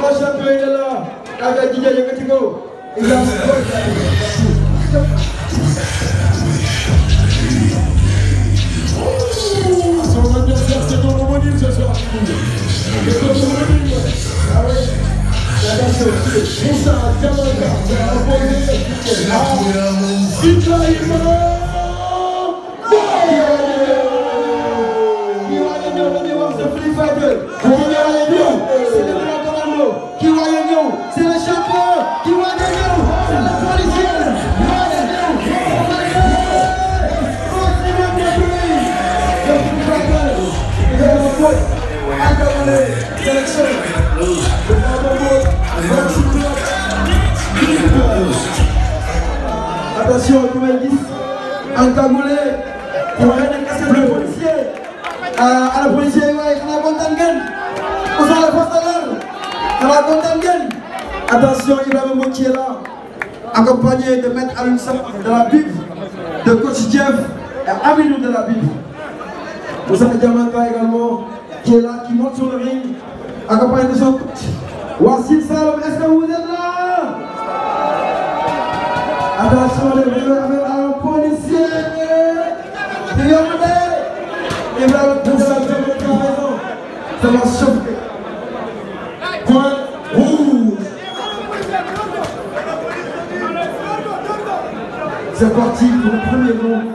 first champion in the law. Kaka Jija, you're good to go. It's not sports time. So when you start to go, when you start to go, you start to go, all right? Musa, Jamaica, Ibrahim, Attention, Attention, nouvelle Pour rien casser le policier. À ah, ah, la police, ouais, on On la On a Attention, il va qui est là. Accompagné de Maître Alun de la Bible, de Coach et Aminou de la Bible. Vous avez Diamanta également qui est là, qui monte sur le ring, accompagné de son coach. Wassim Salom, est-ce que vous êtes là Attention, les vélos avec un policier. il Et bien, le président de la ça va chauffer. Point rouge. C'est parti pour le premier round.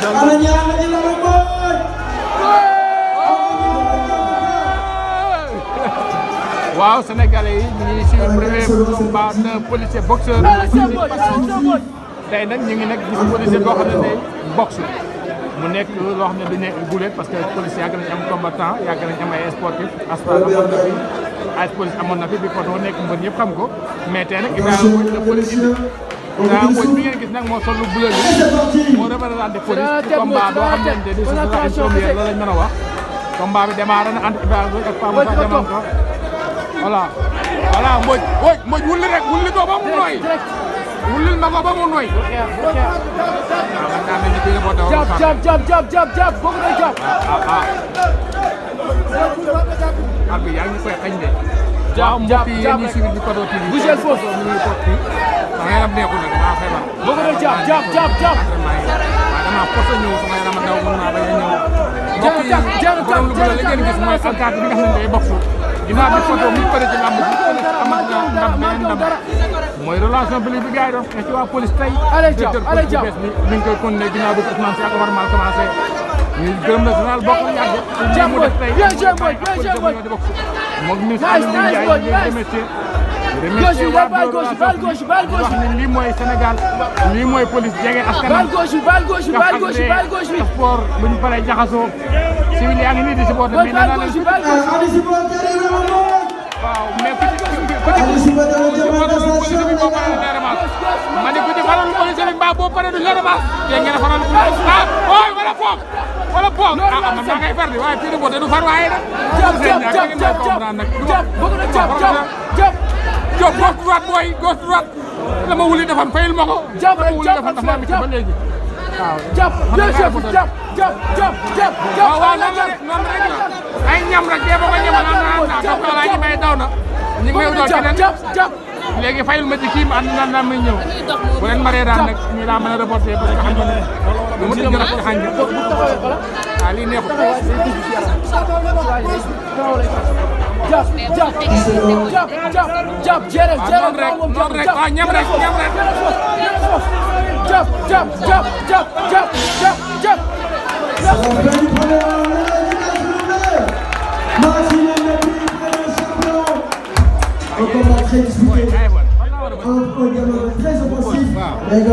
Ana ñaar ñi la waaw sénégalais yi ñu ngi suñu premier combat de policier boxeur. tey nag ñu ngi nag gis policier boo xam ne day boxe mu nekk loo xam ne du nekk gulet parce que policier yàgg nañu am combattant yàgg nañu am ay sportif aspar amoon na fi ay police amoon na fi bi Fatou nekk mbër ñëpp xam ko mais tey nag Ibrahima Mbodj la police indi Ibrahima Mbodj mi ngeen gis nag moo sol lu bleu bi moo représenté police ci combat boo xam ne de di suñu la première loolu lañ mën a wax combat bi démarré na entre Ibrahima Mbodj ak Pape Moussa Diamanka voilà voilà Mbodj Mbodj Mbodj wulli rek wulli ko ba mu nooy wulli na ko ba mu nooy jàpp jàpp jàpp jàpp jàpp jàpp bëgg na jàpp ab bi yaa ngi koy xañ de waaw mbokk yi yéen ñi suivre di Kodo TV bu jël foofu ñu ngi toog fii sama yaram neexul nag maa feebar bëgg na jàpp jàpp jàpp jàpp waaw damaa forcé ñëw sama yaram a daw mën naa bañ a ñëw mbokk yi borom lu bëri li ngeen gis mooy alkaati bi nga xam ne day bokk ginnaaw bi photo mu pare ci làmb ji am na ndam beneen ndam mooy relation bi li bi gars yi doon xeex ci waa police tey directeur police bu bees bi mi ngi koy continuer ginnaaw bi Ousmane Sy ak Omar Mal commencé ñu gërëm la général bokk na yàgg mu def tey moom ñu gauche bi baal gauche baal gauche baal gauche wax ni lii mooy Sénégal lii mooy police jege askan baal gauche bi baal gauche bi baal gauche bi baal gauche bi sport buñ paree jaxasoo civil yaa ngi nii di supporté mais nee naa leen waaw mais ku ci ku ci farul police bi boo paree du la ramasse ma ne ku ci farul police bi mbaa boo paree du la ramasse te ngeen faral ah ooy wala foofu wala po ah man maa ngi far di waaye fii de boote du far waaye nag. jàpp jàpp jàpp jàpp jàpp jàpp Diop gauche droite booy gauche droite la ma wuli defan fayil ma ko. jàpp rek jàpp ak seen jàpp ba léegi. waaw jàpp jërëjëf jàpp jàpp jàpp jàpp. waaw waaw noonu rek noonu rek la ay ñam rek dee ba ko ñamal naan may daw na. ñu ngi may doon keneen léegi ma ci kii ma ànd naan naa may ñëw bu leen maree daan nag ñu laa mën a reporté parce a xañ waaw jàpp jàpp jàpp jàpp jërëjëf jërëjëf moom moom rek waaw ñam rek ñam rek jàpp jàpp jàpp jàpp jàpp jàpp jàpp On commence à expliquer un programme très offensif.